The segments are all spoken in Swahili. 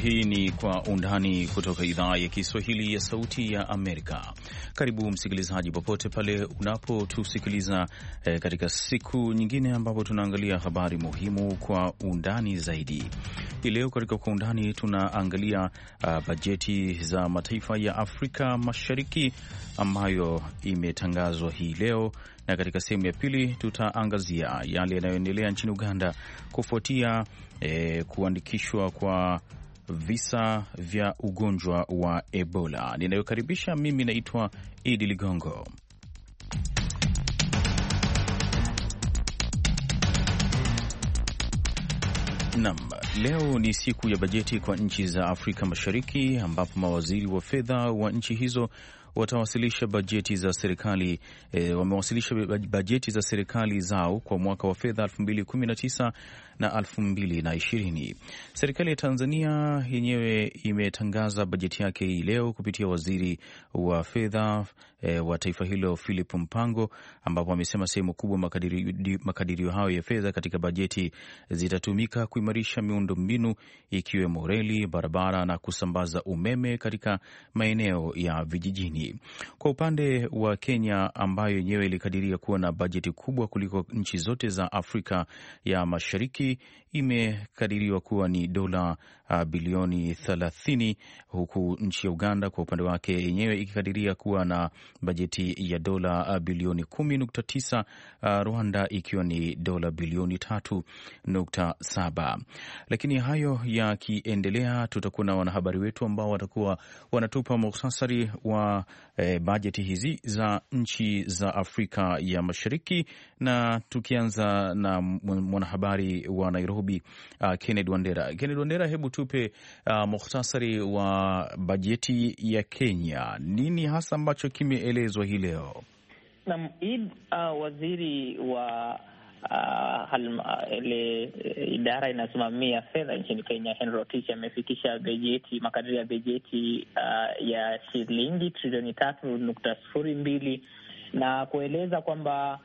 Hii ni Kwa Undani kutoka idhaa ya Kiswahili ya Sauti ya Amerika. Karibu msikilizaji, popote pale unapotusikiliza eh, katika siku nyingine ambapo tunaangalia habari muhimu kwa undani zaidi. Hii leo katika Kwa Undani tunaangalia uh, bajeti za mataifa ya Afrika Mashariki ambayo imetangazwa hii leo, na katika sehemu ya pili tutaangazia yale yanayoendelea nchini Uganda kufuatia eh, kuandikishwa kwa visa vya ugonjwa wa Ebola. Ninayokaribisha mimi naitwa Idi Ligongo. Nam, leo ni siku ya bajeti kwa nchi za Afrika Mashariki, ambapo mawaziri wa fedha wa nchi hizo watawasilisha bajeti za serikali e, wamewasilisha bajeti za serikali zao kwa mwaka wa fedha 2019 na elfu mbili na ishirini. Serikali ya Tanzania yenyewe imetangaza bajeti yake hii leo kupitia waziri wa fedha e, wa taifa hilo Philip Mpango, ambapo amesema sehemu kubwa makadirio makadiri hayo ya fedha katika bajeti zitatumika kuimarisha miundo mbinu ikiwemo reli, barabara na kusambaza umeme katika maeneo ya vijijini. Kwa upande wa Kenya ambayo yenyewe ilikadiria kuwa na bajeti kubwa kuliko nchi zote za Afrika ya Mashariki imekadiriwa kuwa ni dola uh, bilioni thelathini, huku nchi ya Uganda kwa upande wake yenyewe ikikadiria kuwa na bajeti ya dola ah, bilioni 10.9, uh, ah, Rwanda ikiwa ni dola bilioni saba. Lakini hayo yakiendelea, tutakuwa na wanahabari wetu ambao watakuwa wanatupa muhtasari wa eh, bajeti hizi za nchi za Afrika ya Mashariki, na tukianza na mwanahabari wa Nairobi uh, Kennedy Wandera. Kennedy Wandera, hebu tupe uh, muhtasari wa bajeti ya Kenya, nini hasa ambacho kimeelezwa hii leo? Naam, uh, waziri wa Uh, ile uh, idara inasimamia fedha nchini Kenya Henry Rotich amefikisha bajeti makadirio ya bajeti uh, ya shilingi trilioni tatu nukta sifuri mbili na kueleza kwamba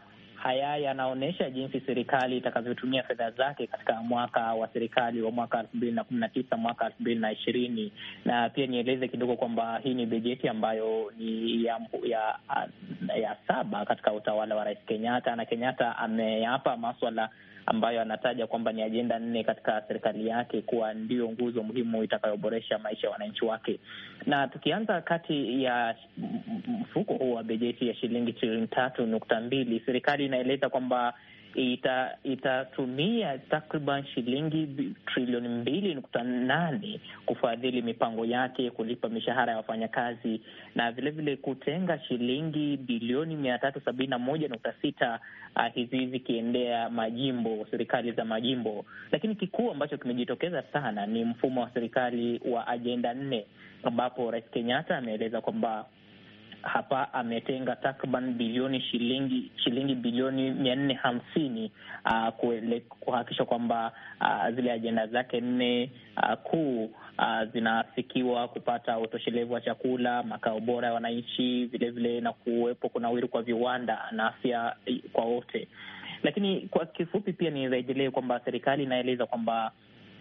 haya yanaonyesha jinsi serikali itakavyotumia fedha zake katika mwaka wa serikali wa mwaka elfu mbili na kumi na tisa mwaka elfu mbili na ishirini na pia nieleze kidogo kwamba hii ni bajeti ambayo ni ya, ya, ya saba katika utawala wa Rais Kenyatta na Kenyatta ameapa maswala ambayo anataja kwamba ni ajenda nne katika serikali yake kuwa ndiyo nguzo muhimu itakayoboresha maisha ya wananchi wake. Na tukianza kati ya mfuko huu wa bajeti ya shilingi trilioni tatu nukta mbili, serikali inaeleza kwamba ita, itatumia takriban shilingi trilioni mbili nukta nane kufadhili mipango yake, kulipa mishahara ya wafanyakazi na vilevile vile kutenga shilingi bilioni mia tatu sabini na moja nukta sita uh, ah, hizi zikiendea majimbo, serikali za majimbo. Lakini kikuu ambacho kimejitokeza sana ni mfumo wa serikali wa ajenda nne, ambapo Rais Kenyatta ameeleza kwamba hapa ametenga takriban bilioni shilingi shilingi bilioni mia nne hamsini ah, kuhakikisha kwamba uh, zile ajenda zake nne uh, kuu uh, zinafikiwa: kupata utoshelevu wa chakula, makao bora ya wananchi, vilevile na kuwepo kunawiri kwa viwanda na afya kwa wote. Lakini kwa kifupi pia nirejelee kwamba serikali inaeleza kwamba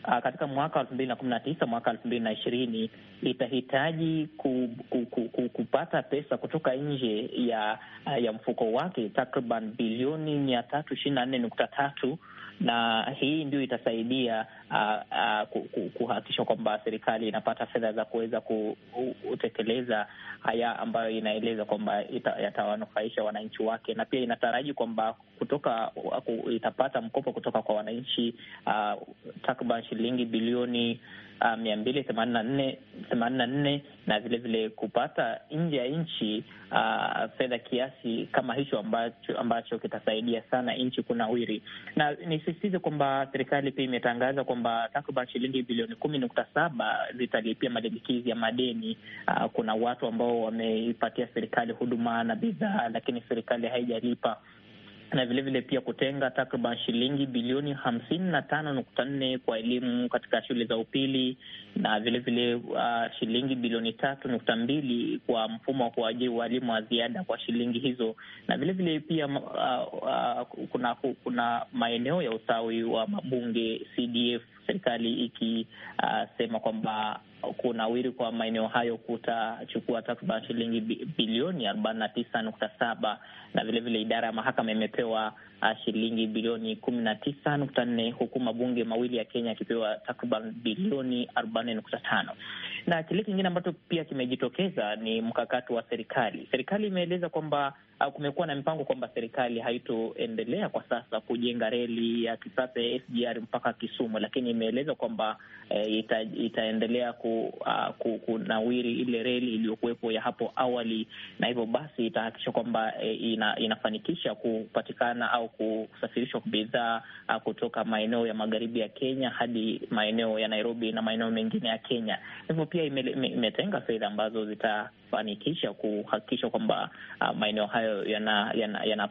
uh, katika mwaka wa elfu mbili na kumi na tisa mwaka elfu mbili na ishirini itahitaji ku, ku, ku, ku, kupata pesa kutoka nje ya ya mfuko wake takriban bilioni mia tatu ishirini na nne nukta tatu na hii ndio itasaidia uh, uh, kuhakikisha kwamba serikali inapata fedha za kuweza kutekeleza haya ambayo inaeleza kwamba yatawanufaisha wananchi wake, na pia inataraji kwamba kutoka itapata mkopo kutoka kwa wananchi uh, takriban shilingi bilioni Ah, mia mbili themanini na nne na vilevile vile vilevile kupata nje ya nchi uh, fedha kiasi kama hicho ambacho, ambacho kitasaidia sana nchi kunawiri. Na nisisitize kwamba serikali pia imetangaza kwamba takriban shilingi bilioni kumi nukta saba zitalipia malimbikizi ya madeni. Uh, kuna watu ambao wameipatia serikali huduma na bidhaa, lakini serikali haijalipa na vilevile vile pia kutenga takriban shilingi bilioni hamsini na tano nukta nne kwa elimu katika shule za upili na vilevile vile, uh, shilingi bilioni tatu nukta mbili kwa mfumo wa kuajiri walimu wa ziada kwa shilingi hizo, na vilevile vile pia uh, uh, kuna, kuna maeneo ya ustawi wa mabunge CDF serikali ikisema uh, kwamba kunawiri kwa maeneo hayo kutachukua takriban shilingi bilioni arobaini na tisa nukta saba na vilevile idara ya mahakama imepewa ah, shilingi bilioni kumi na tisa nukta nne huku mabunge mawili ya Kenya yakipewa takriban bilioni arobaini nukta tano na kile kingine ambacho pia kimejitokeza ni mkakati wa serikali. Serikali imeeleza kwamba uh, kumekuwa na mpango kwamba serikali haitoendelea kwa sasa kujenga reli ya kisasa ya SGR mpaka Kisumu, lakini imeeleza kwamba e, ita, itaendelea ku, uh, ku, kunawiri ile reli iliyokuwepo ya hapo awali, na hivyo basi itahakikisha kwamba e, ina, inafanikisha kupatikana au kusafirishwa bidhaa uh, kutoka maeneo ya magharibi ya Kenya hadi maeneo ya Nairobi na maeneo mengine ya Kenya hivyo pia imetenga fedha ambazo zitafanikisha kuhakikisha kwamba uh, maeneo hayo yanapata yana, yana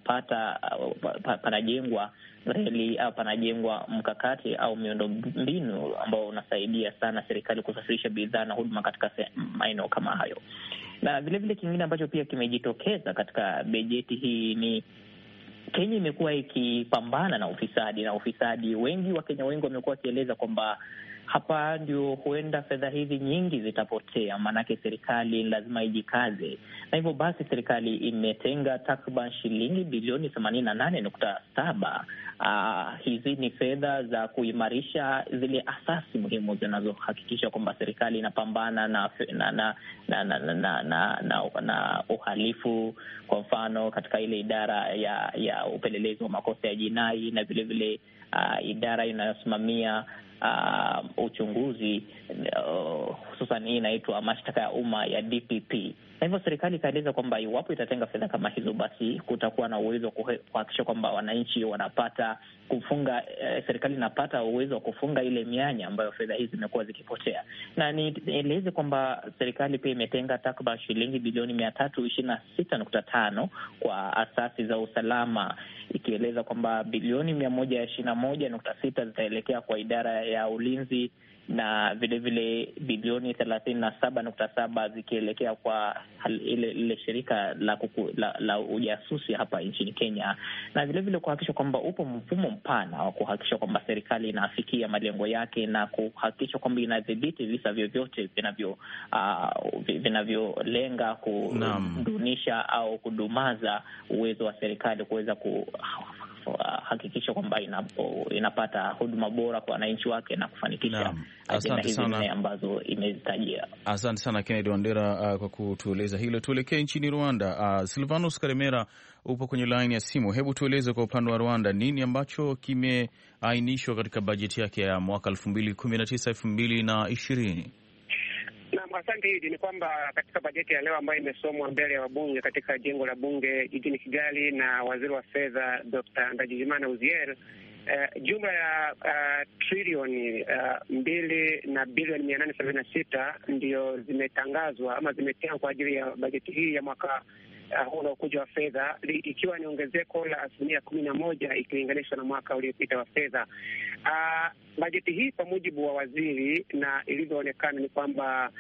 uh, panajengwa reli au panajengwa mkakati au miundo mbinu ambao unasaidia sana serikali kusafirisha bidhaa na huduma katika maeneo kama hayo. Na vilevile kingine ambacho pia kimejitokeza katika bajeti hii ni Kenya imekuwa ikipambana na ufisadi na ufisadi, wengi wa Kenya wengi wamekuwa wakieleza kwamba hapa ndio huenda fedha hizi nyingi zitapotea, maanake serikali lazima ijikaze, na hivyo basi serikali imetenga takriban shilingi bilioni themanini na nane nukta saba. Uh, hizi ni fedha za kuimarisha zile asasi muhimu zinazohakikisha kwamba serikali inapambana na na na na, na, na, na, na, na na uhalifu, kwa mfano katika ile idara ya ya upelelezi wa makosa ya jinai na vilevile Uh, ah, idara inayosimamia uh, uchunguzi uh, hususan hii inaitwa mashtaka ya umma ya DPP, na hivyo serikali ikaeleza kwamba iwapo itatenga fedha kama hizo, basi kutakuwa na uwezo wa kuhakikisha kwamba wananchi wanapata kufunga eh, serikali inapata uwezo wa kufunga ile mianya ambayo fedha hizi zimekuwa zikipotea. Na nieleze kwamba serikali pia imetenga takriban shilingi bilioni mia tatu ishirini na sita nukta tano kwa asasi za usalama, ikieleza kwamba bilioni mia moja ishirini na moja nukta sita zitaelekea kwa idara ya ulinzi na vilevile bilioni thelathini na saba nukta saba zikielekea kwa ile ile shirika la, kuku, la la ujasusi hapa nchini Kenya, na vilevile kuhakikisha kwamba upo mfumo mpana wa kuhakikisha kwamba serikali inafikia malengo yake na kuhakikisha kwamba inadhibiti visa vyovyote uh, vinavyolenga uh, vinavyo kudunisha au kudumaza uwezo wa serikali kuweza ku kuhakikisha kwamba inapata huduma bora kwa wananchi wake na kufanikisha ajenda hizi nne ambazo imezitajia. Asante sana Kennedy Wandera, uh, kwa kutueleza hilo. Tuelekee nchini Rwanda. Uh, Silvanus Karemera upo kwenye laini ya simu. Hebu tueleze kwa upande wa Rwanda nini ambacho kimeainishwa katika bajeti yake ya mwaka elfu mbili kumi na tisa elfu mbili na ishirini. Naam, asante hili ni kwamba katika bajeti ya leo ambayo imesomwa mbele ya wabunge katika jengo la bunge jijini Kigali na waziri wa fedha Dr. Ndajijimana Uziel Uh, eh, jumla ya uh, trilioni uh, mbili na bilioni mia nane sabini na sita ndiyo zimetangazwa ama zimetengwa kwa ajili ya bajeti hii ya mwaka huu uh, unaokuja wa fedha, ikiwa ni ongezeko la asilimia kumi na moja ikilinganishwa na mwaka uliopita wa fedha. Uh, bajeti hii kwa mujibu wa waziri na ilivyoonekana ni kwamba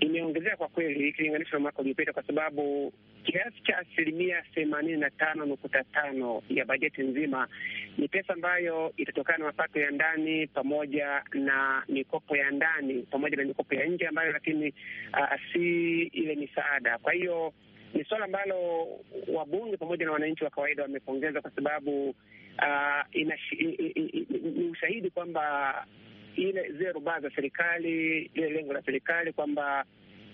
imeongezeka kwa kweli ikilinganishwa na mwaka uliopita kwa sababu kiasi cha asilimia themanini na tano nukuta tano ya bajeti nzima ni pesa ambayo itatokana na mapato ya ndani pamoja na mikopo ya ndani pamoja na mikopo ya nje ambayo, lakini uh, si ile misaada. Kwa hiyo ni suala ambalo wabunge pamoja na wananchi wa kawaida wamepongeza kwa sababu uh, ni ushahidi kwamba ile zile rubaa za serikali, lile lengo la serikali kwamba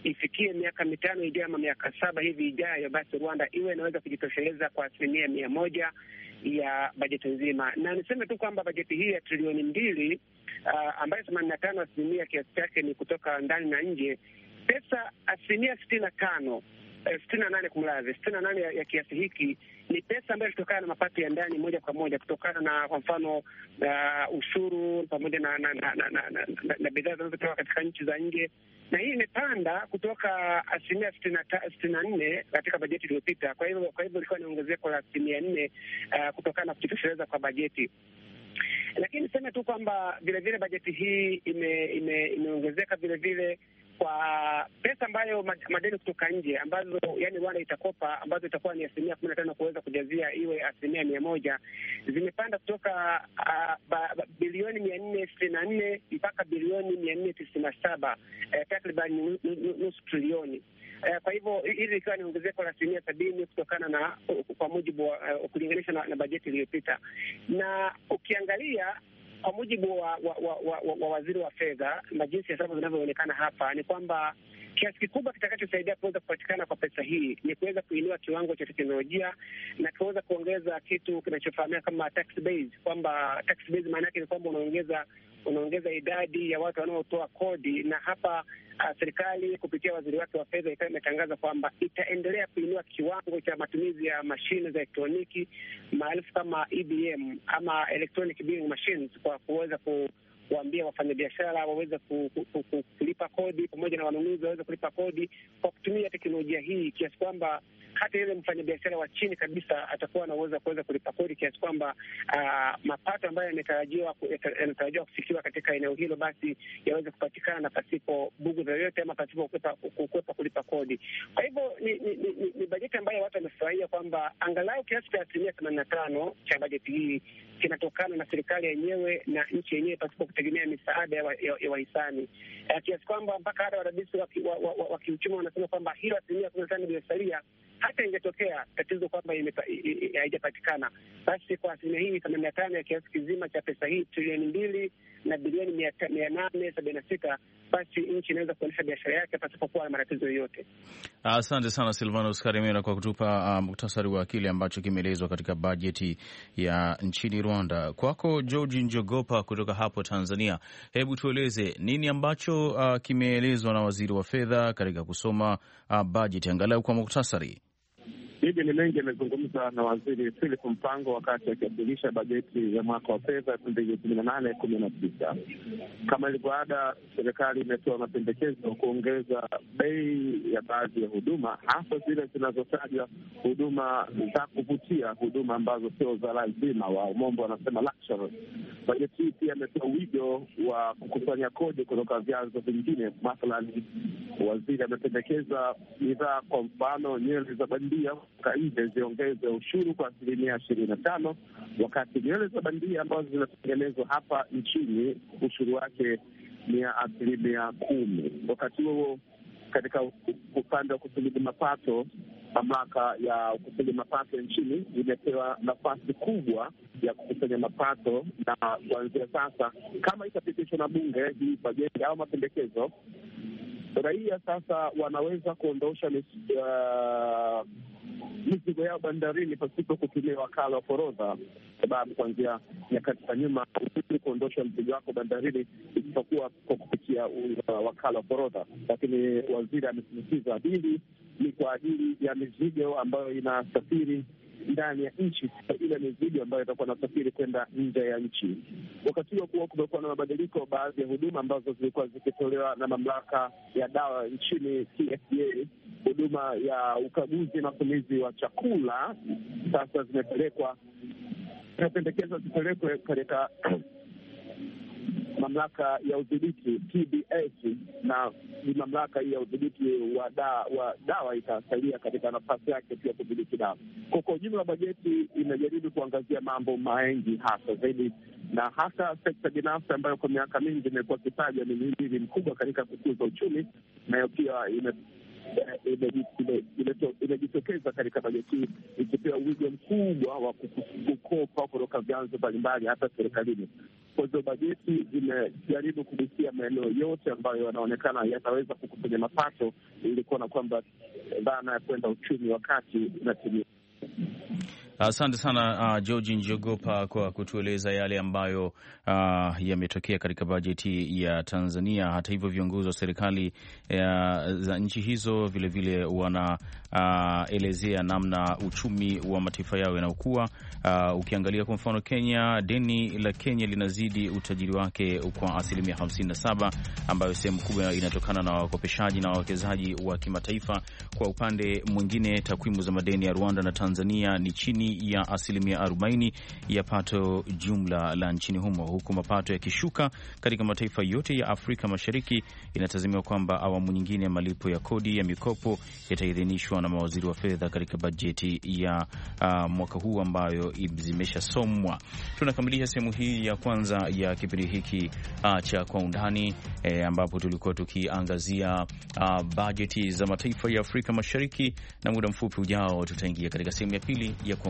ifikie miaka mitano ijayo ama miaka saba hivi ijayo, basi Rwanda iwe inaweza kujitosheleza kwa asilimia mia moja ya bajeti nzima. Na niseme tu kwamba bajeti hii ya trilioni mbili uh, ambayo themanini na tano asilimia kiasi chake ni kutoka ndani na nje, pesa asilimia sitini na tano sitini na nane kumradhi, sitini na nane ya, ya kiasi hiki ni pesa ambayo ilitokana na mapato ya ndani moja kwa moja kutokana na kwa mfano uh, ushuru pamoja na na, na, na, na, na, na bidhaa zinazotoka katika nchi za nje, na hii imepanda kutoka asilimia sitini na nne katika bajeti iliyopita. Kwa hivyo kwa hivyo ilikuwa ni ongezeko la asilimia nne uh, kutokana na kujitosheleza kwa bajeti lakini niseme tu kwamba vilevile bajeti hii imeongezeka ime, ime vilevile kwa pesa ambayo madeni kutoka nje ambazo yani Rwanda itakopa ambazo itakuwa ni asilimia kumi na tano kuweza kujazia iwe asilimia mia moja zimepanda kutoka uh, ba, ba, bilioni mia nne sitini na nne mpaka bilioni mia nne tisini na saba eh, takriban nusu trilioni. Eh, kwa hivyo hili likiwa ni ongezeko la asilimia sabini kutokana na kwa mujibu wa uh, eh, kulinganisha na, na bajeti iliyopita, na ukiangalia kwa mujibu wa, wa, wa, wa, wa waziri wa fedha na jinsi hesabu zinavyoonekana hapa ni kwamba kiasi kikubwa kitakachosaidia kuweza kupatikana kwa pesa hii ni kuweza kuinua kiwango cha teknolojia na kuweza kuongeza kitu kinachofahamika kama tax base, kwamba tax base maana yake ni kwamba unaongeza unaongeza idadi ya watu wanaotoa kodi, na hapa uh, serikali kupitia waziri wake wa fedha ikawa imetangaza kwamba itaendelea kuinua kiwango cha matumizi ya mashine za elektroniki maarufu kama EBM ama electronic billing machines kwa kuweza ku kuambia wafanyabiashara waweze ku, ku, ku, ku, kulipa kodi pamoja na wanunuzi waweze kulipa kodi kwa kutumia teknolojia hii, kiasi kwamba hata yule mfanyabiashara wa chini kabisa atakuwa na uwezo wa kuweza kulipa kodi, kiasi kwamba uh, mapato ambayo yanatarajiwa yanatarajiwa kufikiwa katika eneo hilo basi yaweze kupatikana pasipo bugu yoyote ama pasipo kukwepa kulipa kodi. Kwa hivyo ni, ni, ni, ni bajeti ambayo watu wamefurahia kwamba angalau kiasi cha asilimia themanini na tano cha bajeti hii kinatokana na serikali yenyewe na nchi yenyewe pasipo kutegemea misaada ya wahisani eh, kiasi kwamba mpaka hata wadadisi wa kiuchumi wanasema kwamba hilo asilimia kumi na tano iliyosalia hata ingetokea tatizo kwamba haijapatikana, basi kwa asilimia hii themanini na tano ya kiasi kizima cha pesa hii trilioni mbili na bilioni mia nane sabini na sita basi nchi inaweza kuonyesha biashara yake pasipokuwa na matatizo yoyote. Asante sana Silvanus Karimera kwa kutupa ah, muktasari um, wa kile ambacho kimeelezwa katika bajeti ya nchini Rwanda. Kwako Georgi Njogopa kutoka hapo Tanzania, hebu tueleze nini ambacho uh, kimeelezwa na waziri wa fedha katika kusoma uh, bajeti angalau kwa muktasari ni mengi amezungumza na Waziri Philip Mpango wakati akiwasilisha bajeti ya mwaka wa fedha elfu mbili kumi na nane kumi na tisa. Kama ilivyoada, serikali imetoa mapendekezo kuongeza bei ya baadhi ya huduma, hasa zile zinazotajwa huduma za kuvutia, huduma ambazo sio za lazima, wamombo wanasema luxury. Bajeti hii pia ametoa wigo wa kukusanya kodi kutoka vyanzo vingine. Mathalani, waziri amependekeza bidhaa, kwa mfano nywele za bandia kutoka nje ziongeze ushuru kwa asilimia ishirini na tano wakati nywele za bandia ambazo zinatengenezwa hapa nchini ushuru wake ni ya asilimia kumi. Wakati huo katika upande wa kusulubu mapato, mamlaka ya ukusanya mapato nchini imepewa nafasi kubwa ya kukusanya mapato, na kuanzia sasa, kama itapitishwa na bunge hii bajeti au mapendekezo, raia sasa wanaweza kuondosha uh, mizigo yao bandarini pasipo kutumia wakala wa forodha, sababu kuanzia nyakati za nyuma kuondosha mzigo wako bandarini isipokuwa kwa kupitia uh, wakala wa forodha. Lakini waziri amesisitiza dili ni kwa ajili ya mizigo ambayo inasafiri ndani ya nchi, ile mizigo ambayo itakuwa nasafiri kwenda nje ya nchi. Wakati huo kuwa kumekuwa na mabadiliko, baadhi ya huduma ambazo zilikuwa zikitolewa na mamlaka ya dawa nchini TFDA huduma ya ukaguzi na utumizi wa chakula sasa zimepelekwa, zinapendekezwa zipelekwe katika mamlaka ya udhibiti TBS, na ni mamlaka ya udhibiti wa da, wa dawa itasalia katika nafasi yake pia kudhibiti dawa. Kwa kwa ujumla, bajeti imejaribu kuangazia mambo mengi hasa zaidi, na hasa sekta binafsi ambayo kwa miaka mingi imekuwa kitaja ni mhimili mkubwa katika kukuza uchumi, nayo pia ime Eh, imejitokeza katika bajeti ikipewa wigo mkubwa wa kukopa kutoka vyanzo mbalimbali hata serikalini. Kwa hivyo bajeti imejaribu kugusia maeneo yote ambayo yanaonekana yataweza kukusanya mapato ili kuona kwamba dhana ya kwenda uchumi wakati inatimia. Asante sana uh, George Njogopa kwa kutueleza yale ambayo uh, yametokea katika bajeti ya Tanzania. Hata hivyo viongozi wa serikali uh, za nchi hizo vilevile wanaelezea uh, namna uchumi wa mataifa yao yanaokuwa. Uh, ukiangalia kwa mfano Kenya, deni la Kenya linazidi utajiri wake kwa asilimia 57, ambayo sehemu kubwa inatokana na wakopeshaji na wawekezaji wa kimataifa. Kwa upande mwingine, takwimu za madeni ya Rwanda na Tanzania ni chini ya asilimia 40 ya pato jumla la nchini humo, huku mapato yakishuka katika mataifa yote ya Afrika Mashariki. Inatazamiwa kwamba awamu nyingine ya malipo ya kodi ya mikopo yataidhinishwa na mawaziri wa fedha katika bajeti ya uh, mwaka huu ambayo zimeshasomwa. Tunakamilisha sehemu hii ya kwanza ya kipindi hiki uh, cha kwa undani e, ambapo tulikuwa tukiangazia uh, bajeti za mataifa ya Afrika Mashariki, na muda mfupi ujao tutaingia katika sehemu ya pili ya kwa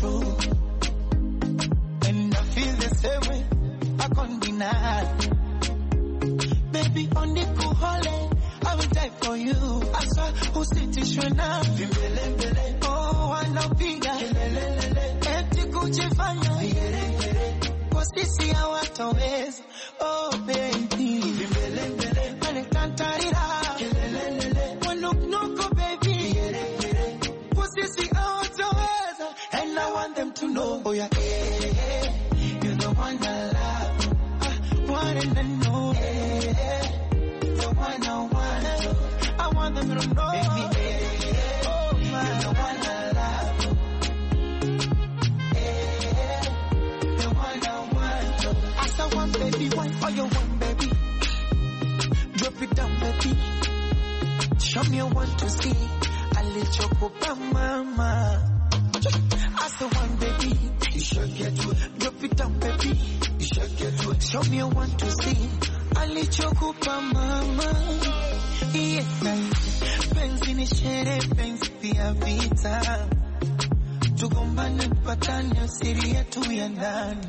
true. And I feel the same way, I can't deny. Baby, on the cool I will die for you. Oh, I saw who city shona. Oh, wanapiga eti kujifanya, wasisi hawatoweza I'm your one to see. Alichokupa mama, as the one baby. You should get to drop it down, baby. You should get to show me a one to see. Alichokupa mama, yes I. Penzi ni shere, penzi pia vita. Tugombane, mpatane, siri yetu ya ndani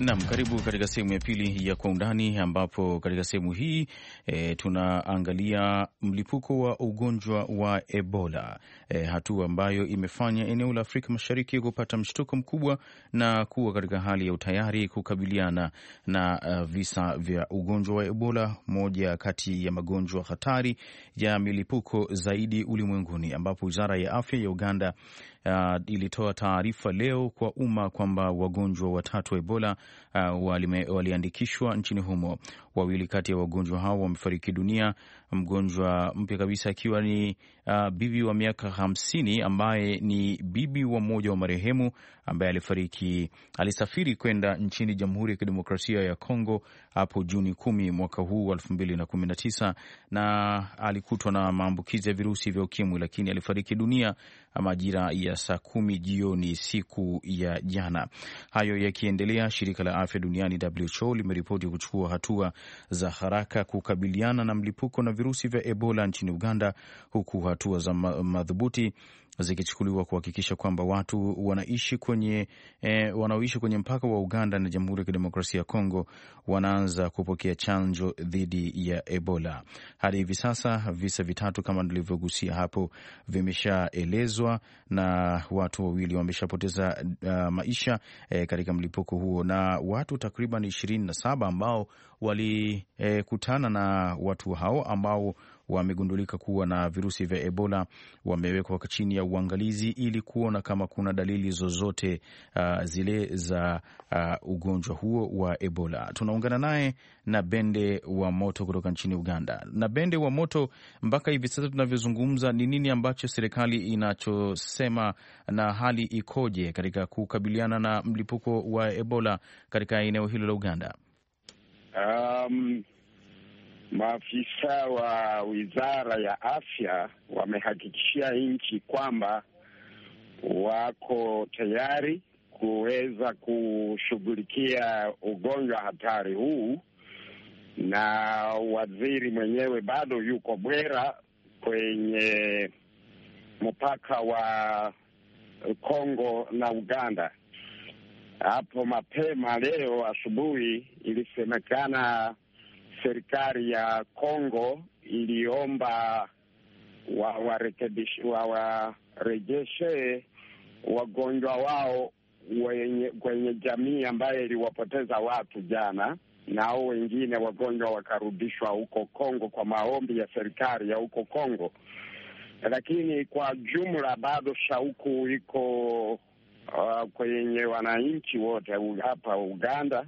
Nam, karibu katika sehemu ya pili ya Kwa Undani, ambapo katika sehemu hii e, tunaangalia mlipuko wa ugonjwa wa Ebola, e, hatua ambayo imefanya eneo la Afrika Mashariki kupata mshtuko mkubwa na kuwa katika hali ya utayari kukabiliana na uh, visa vya ugonjwa wa Ebola, moja kati ya magonjwa hatari ya milipuko zaidi ulimwenguni, ambapo wizara ya afya ya Uganda uh, ilitoa taarifa leo kwa umma kwamba wagonjwa watatu wa Ebola uh, waliandikishwa nchini humo. Wawili kati ya wagonjwa hao wamefariki dunia, mgonjwa mpya kabisa akiwa ni uh, bibi wa miaka hamsini ambaye ni bibi wa mmoja wa marehemu ambaye alifariki, alisafiri kwenda nchini Jamhuri ya Kidemokrasia ya Kongo hapo Juni kumi mwaka huu elfu mbili na kumi na tisa na alikutwa na maambukizi ya virusi vya ukimwi, lakini alifariki dunia majira ya saa kumi jioni siku ya jana. Hayo yakiendelea, shirika la afya duniani WHO limeripoti kuchukua hatua za haraka kukabiliana na mlipuko na virusi vya Ebola nchini Uganda, huku hatua za madhubuti zikichukuliwa kuhakikisha kwamba watu wanaishi kwenye e, wanaoishi kwenye mpaka wa Uganda na Jamhuri ya Kidemokrasia ya Kongo wanaanza kupokea chanjo dhidi ya Ebola. Hadi hivi sasa visa vitatu kama nilivyogusia hapo vimeshaelezwa na watu wawili wameshapoteza uh, maisha e, katika mlipuko huo na watu takriban ishirini na saba ambao walikutana eh, e, na watu hao ambao wamegundulika kuwa na virusi vya Ebola wamewekwa chini ya uangalizi ili kuona kama kuna dalili zozote uh, zile za uh, ugonjwa huo wa Ebola. Tunaungana naye na Bende wa Moto kutoka nchini Uganda. Na Bende wa Moto, mpaka hivi sasa tunavyozungumza, ni nini ambacho serikali inachosema na hali ikoje katika kukabiliana na mlipuko wa Ebola katika eneo hilo la Uganda? Um, maafisa wa wizara ya afya wamehakikishia nchi kwamba wako tayari kuweza kushughulikia ugonjwa hatari huu, na waziri mwenyewe bado yuko Bwera kwenye mpaka wa Kongo na Uganda. Hapo mapema leo asubuhi ilisemekana serikali ya Kongo iliomba wawarejeshe wa wagonjwa wao wenye, kwenye jamii ambayo iliwapoteza watu jana, na wengine wagonjwa wakarudishwa huko Kongo kwa maombi ya serikali ya huko Kongo. Lakini kwa jumla bado shauku iko uh, kwenye wananchi wote hapa Uganda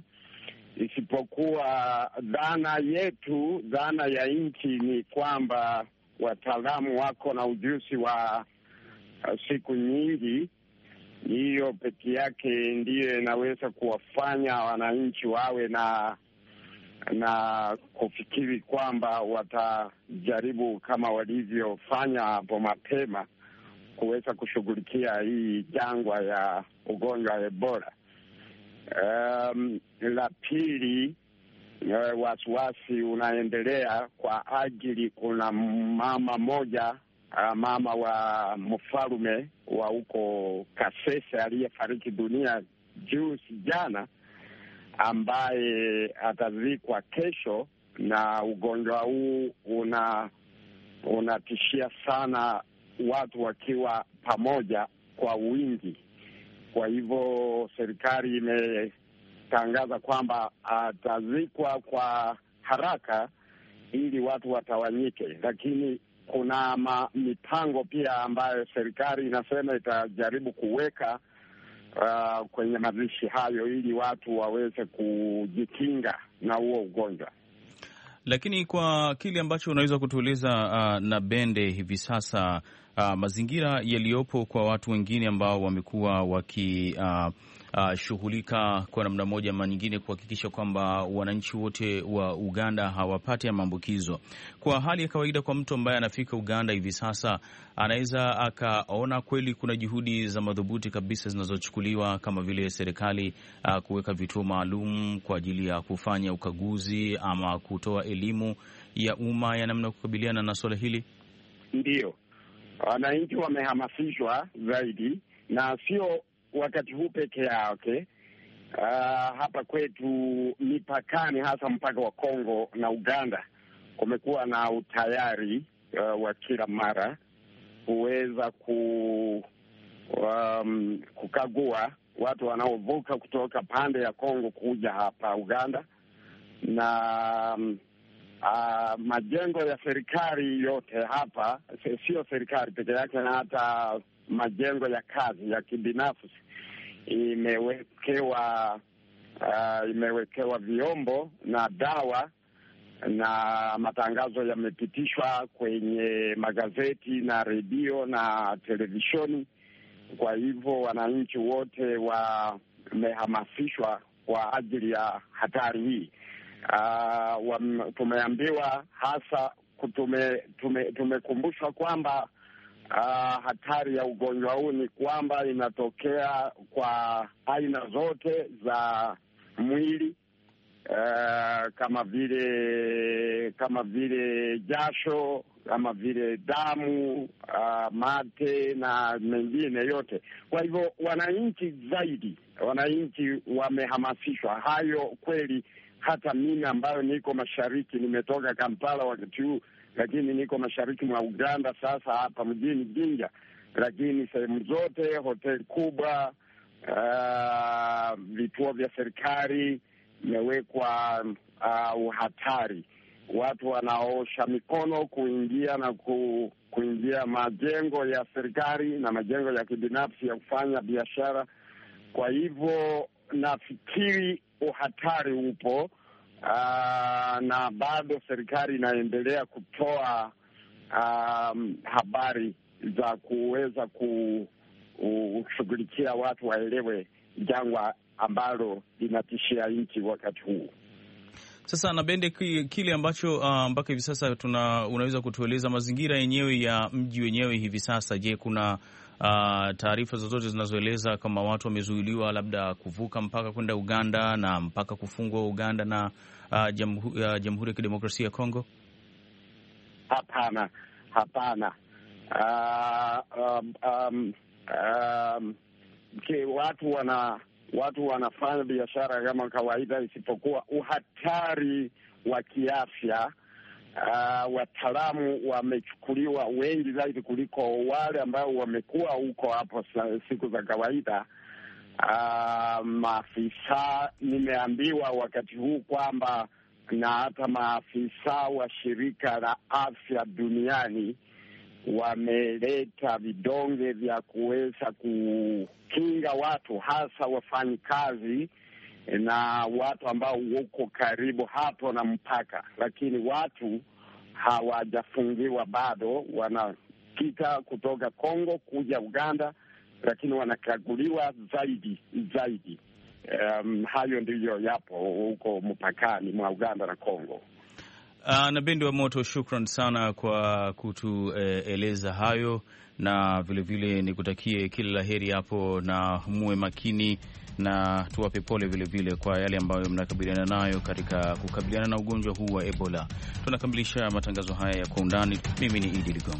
isipokuwa dhana yetu, dhana ya nchi ni kwamba wataalamu wako na ujuzi wa uh, siku nyingi. Hiyo peke yake ndiyo inaweza kuwafanya wananchi wawe na na kufikiri kwamba watajaribu kama walivyofanya hapo mapema kuweza kushughulikia hii jangwa ya ugonjwa wa Ebola. Um, la pili, eh, wasiwasi unaendelea kwa ajili, kuna mama moja ah, mama wa mfalume wa huko Kasese aliyefariki dunia juzi jana, ambaye atazikwa kesho, na ugonjwa huu una unatishia sana watu wakiwa pamoja kwa wingi. Kwa hivyo serikali imetangaza kwamba atazikwa kwa haraka ili watu watawanyike, lakini kuna ma, mipango pia ambayo serikali inasema itajaribu kuweka uh, kwenye mazishi hayo ili watu waweze kujikinga na huo ugonjwa. Lakini kwa kile ambacho unaweza kutueleza uh, na bende hivi sasa uh, mazingira yaliyopo kwa watu wengine ambao wamekuwa waki uh, Uh, shughulika kwa namna moja ama nyingine kuhakikisha kwamba wananchi wote wa Uganda hawapate maambukizo. Kwa hali ya kawaida, kwa mtu ambaye anafika Uganda hivi sasa, anaweza akaona kweli kuna juhudi za madhubuti kabisa zinazochukuliwa kama vile serikali uh, kuweka vituo maalum kwa ajili ya kufanya ukaguzi ama kutoa elimu ya umma ya namna ya kukabiliana na suala hili. Ndiyo wananchi wamehamasishwa zaidi, na sio wakati huu peke yake. Uh, hapa kwetu mipakani, hasa mpaka wa Kongo na Uganda, kumekuwa na utayari uh, wa kila mara kuweza ku um, kukagua watu wanaovuka kutoka pande ya Kongo kuja hapa Uganda na um, uh, majengo ya serikali yote hapa, siyo serikali peke yake, na hata majengo ya kazi ya kibinafsi imewekewa uh, imewekewa vyombo na dawa na matangazo yamepitishwa kwenye magazeti na redio na televisheni. Kwa hivyo wananchi wote wamehamasishwa kwa ajili ya hatari hii. Ah, tumeambiwa hasa tumekumbushwa tume, tumekumbushwa kwamba uh, hatari ya ugonjwa huu ni kwamba inatokea kwa aina zote za mwili uh, kama vile kama vile jasho kama vile damu uh, mate na mengine yote. Kwa hivyo wananchi zaidi, wananchi wamehamasishwa. Hayo kweli hata mimi ambayo niko mashariki, nimetoka Kampala wakati huu, lakini niko mashariki mwa Uganda sasa hapa mjini Jinja, lakini sehemu zote hoteli kubwa, uh, vituo vya serikali imewekwa uh, uhatari. Watu wanaosha mikono kuingia na ku, kuingia majengo ya serikali na majengo ya kibinafsi ya kufanya biashara. Kwa hivyo nafikiri uhatari upo. Uh, na bado serikali inaendelea kutoa um, habari za kuweza kushughulikia watu waelewe jangwa ambalo linatishia nchi wakati huu. Sasa na Bende, kile ambacho mpaka uh, hivi sasa tuna, unaweza kutueleza mazingira yenyewe ya mji wenyewe hivi sasa? Je, kuna uh, taarifa zozote zinazoeleza kama watu wamezuiliwa labda kuvuka mpaka kwenda Uganda na mpaka kufungwa Uganda na uh, ah, Jamhuri uh, ah, Jamhuri ya Kidemokrasia ya Kongo? Hapana, hapana. Uh, um, um, um, ke, watu wana watu wanafanya biashara kama kawaida, isipokuwa uhatari wa kiafya uh, wataalamu wamechukuliwa wengi zaidi kuliko wale ambao wamekuwa huko hapo siku za kawaida. Uh, maafisa nimeambiwa wakati huu kwamba na hata maafisa wa shirika la afya duniani wameleta vidonge vya kuweza kukinga watu hasa wafanyikazi na watu ambao wako karibu hapo na mpaka, lakini watu hawajafungiwa bado, wanapita kutoka Kongo kuja Uganda, lakini wanakaguliwa zaidi zaidi. Um, hayo ndiyo yapo huko mpakani mwa Uganda na Kongo. Uh, na Bendi wa Moto, shukran sana kwa kutueleza eh, hayo na vilevile ni kutakie kila la heri hapo, na muwe makini na tuwape pole vilevile kwa yale ambayo mnakabiliana nayo katika kukabiliana na ugonjwa huu wa Ebola. Tunakamilisha matangazo haya ya kwa undani. Mimi ni Idi Ligongo.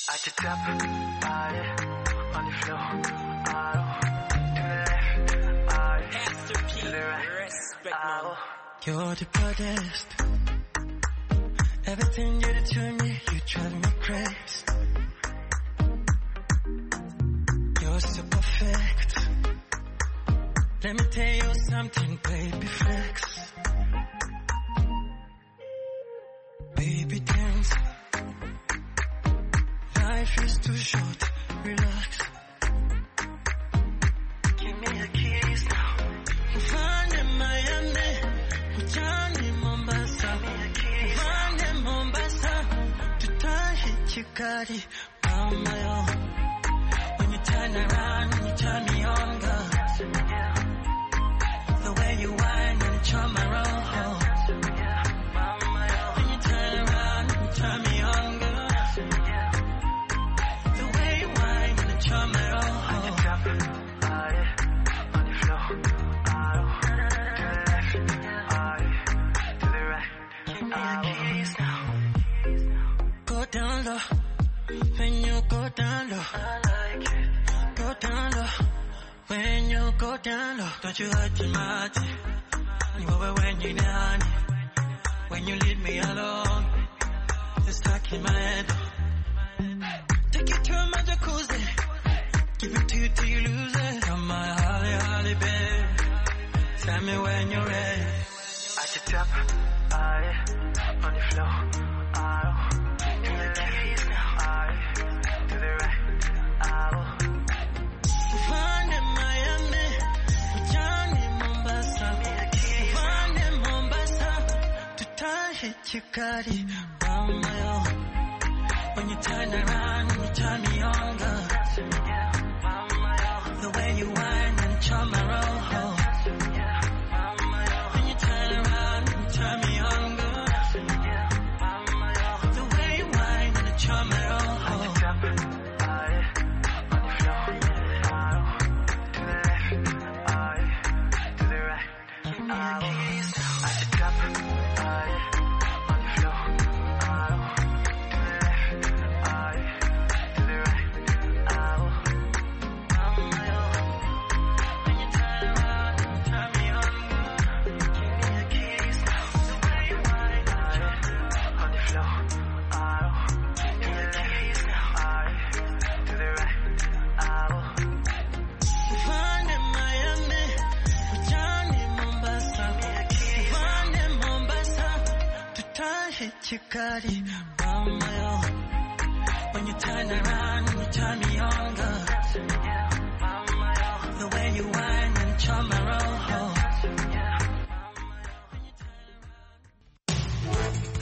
I took up, I on the floor, I to the left, I to the right, respect I You're the baddest. Everything you do to me, you drive me crazy. You're so perfect. Let me tell you something, baby, flex. Baby, Life is too short, relax. Give me a kiss now. in Miami, in Mombasa. in Mombasa, To you, got it on my own. When you turn around. down low. I like it. Go down low. When you go down low, don't you hurt your much? You over when you're down. When you leave me alone, it's stuck in my head. Take it to my jacuzzi. Give it to you till you lose it. you my holly, holly, babe. Tell me when you're ready. I get drop, I on the floor. you got it, own. When you turn around, when you turn me on, girl.